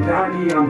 Ndani ya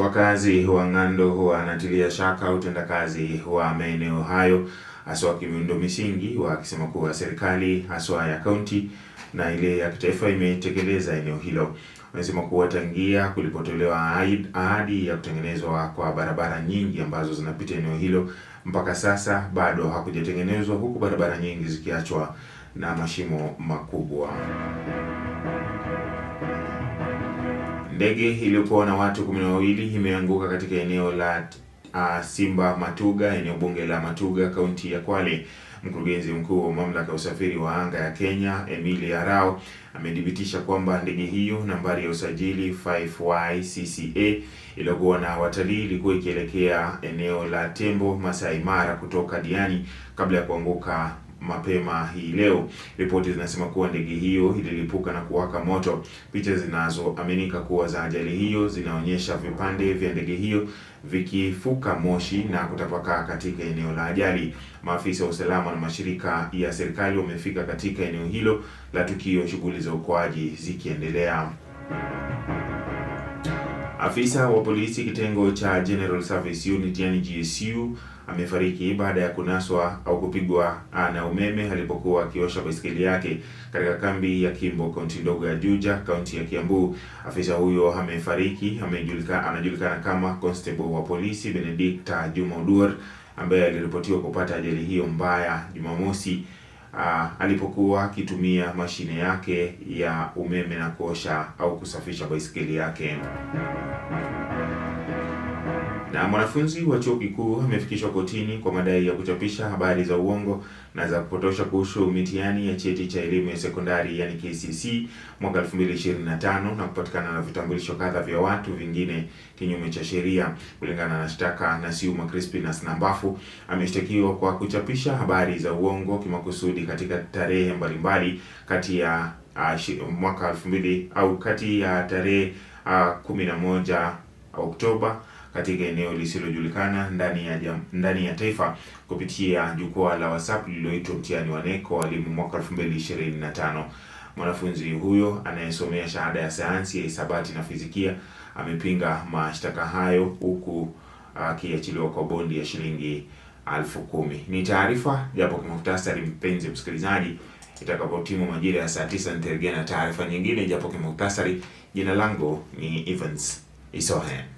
Wakazi wa Ng'ando wanatilia shaka utendakazi wa maeneo hayo haswa kimiundo misingi, wakisema kuwa serikali haswa ya kaunti na ile ya kitaifa imetekeleza eneo hilo. Wanasema kuwa tangia kulipotolewa ahadi ya kutengenezwa kwa barabara nyingi ambazo zinapita eneo hilo, mpaka sasa bado hakujatengenezwa, huku barabara nyingi zikiachwa na mashimo makubwa. Ndege iliyokuwa na watu kumi na wawili imeanguka katika eneo la uh, Simba Matuga, eneo bunge la Matuga, kaunti ya Kwale. Mkurugenzi mkuu wa mamlaka ya usafiri wa anga ya Kenya, Emilia Rao, amethibitisha kwamba ndege hiyo nambari ya usajili 5YCCA iliyokuwa na watalii ilikuwa ikielekea eneo la Tembo Masai Mara kutoka Diani kabla ya kuanguka mapema hii leo. Ripoti zinasema kuwa ndege hiyo ililipuka na kuwaka moto. Picha zinazoaminika kuwa za ajali hiyo zinaonyesha vipande vya ndege hiyo vikifuka moshi na kutapakaa katika eneo la ajali. Maafisa wa usalama na mashirika ya serikali wamefika katika eneo hilo la tukio, shughuli za uokoaji zikiendelea. Afisa wa polisi kitengo cha General Service Unit yani GSU amefariki baada ya kunaswa au kupigwa ah, na umeme alipokuwa akiosha baiskeli yake katika kambi ya Kimbo, kaunti ndogo ya Juja, kaunti ya Kiambu. Afisa huyo amefariki amejulikana, anajulikana kama constable wa polisi Benedicta Juma Oduor ambaye aliripotiwa kupata ajali hiyo mbaya Jumamosi uh, alipokuwa akitumia mashine yake ya umeme na kuosha au kusafisha baisikeli yake. Na mwanafunzi wa chuo kikuu amefikishwa kotini kwa madai ya kuchapisha habari za uongo na za kupotosha kuhusu mitihani ya cheti cha elimu ya sekondari yani KCC e, mwaka 2025 na kupatikana na vitambulisho kadha vya watu vingine kinyume cha sheria. Kulingana na shtaka, Nasiuma Crispinus Nambafu ameshtakiwa kwa kuchapisha habari za uongo kimakusudi katika tarehe mbalimbali kati ya uh, mwaka 2000 au kati ya tarehe uh, 11 Oktoba katika eneo lisilojulikana ndani ya jam, ndani ya taifa kupitia jukwaa la WhatsApp lililoitwa mtihani wa KNEC kwa walimu mwaka 2025. Mwanafunzi huyo anayesomea shahada ya sayansi ya hisabati na fizikia amepinga mashtaka hayo huku akiachiliwa kwa bondi ya shilingi elfu kumi. Ni taarifa japo kwa muhtasari, mpenzi msikilizaji, itakapotimu majira ya saa tisa nitarejea na taarifa nyingine japo kwa muhtasari. Jina langu ni Evans Isohe.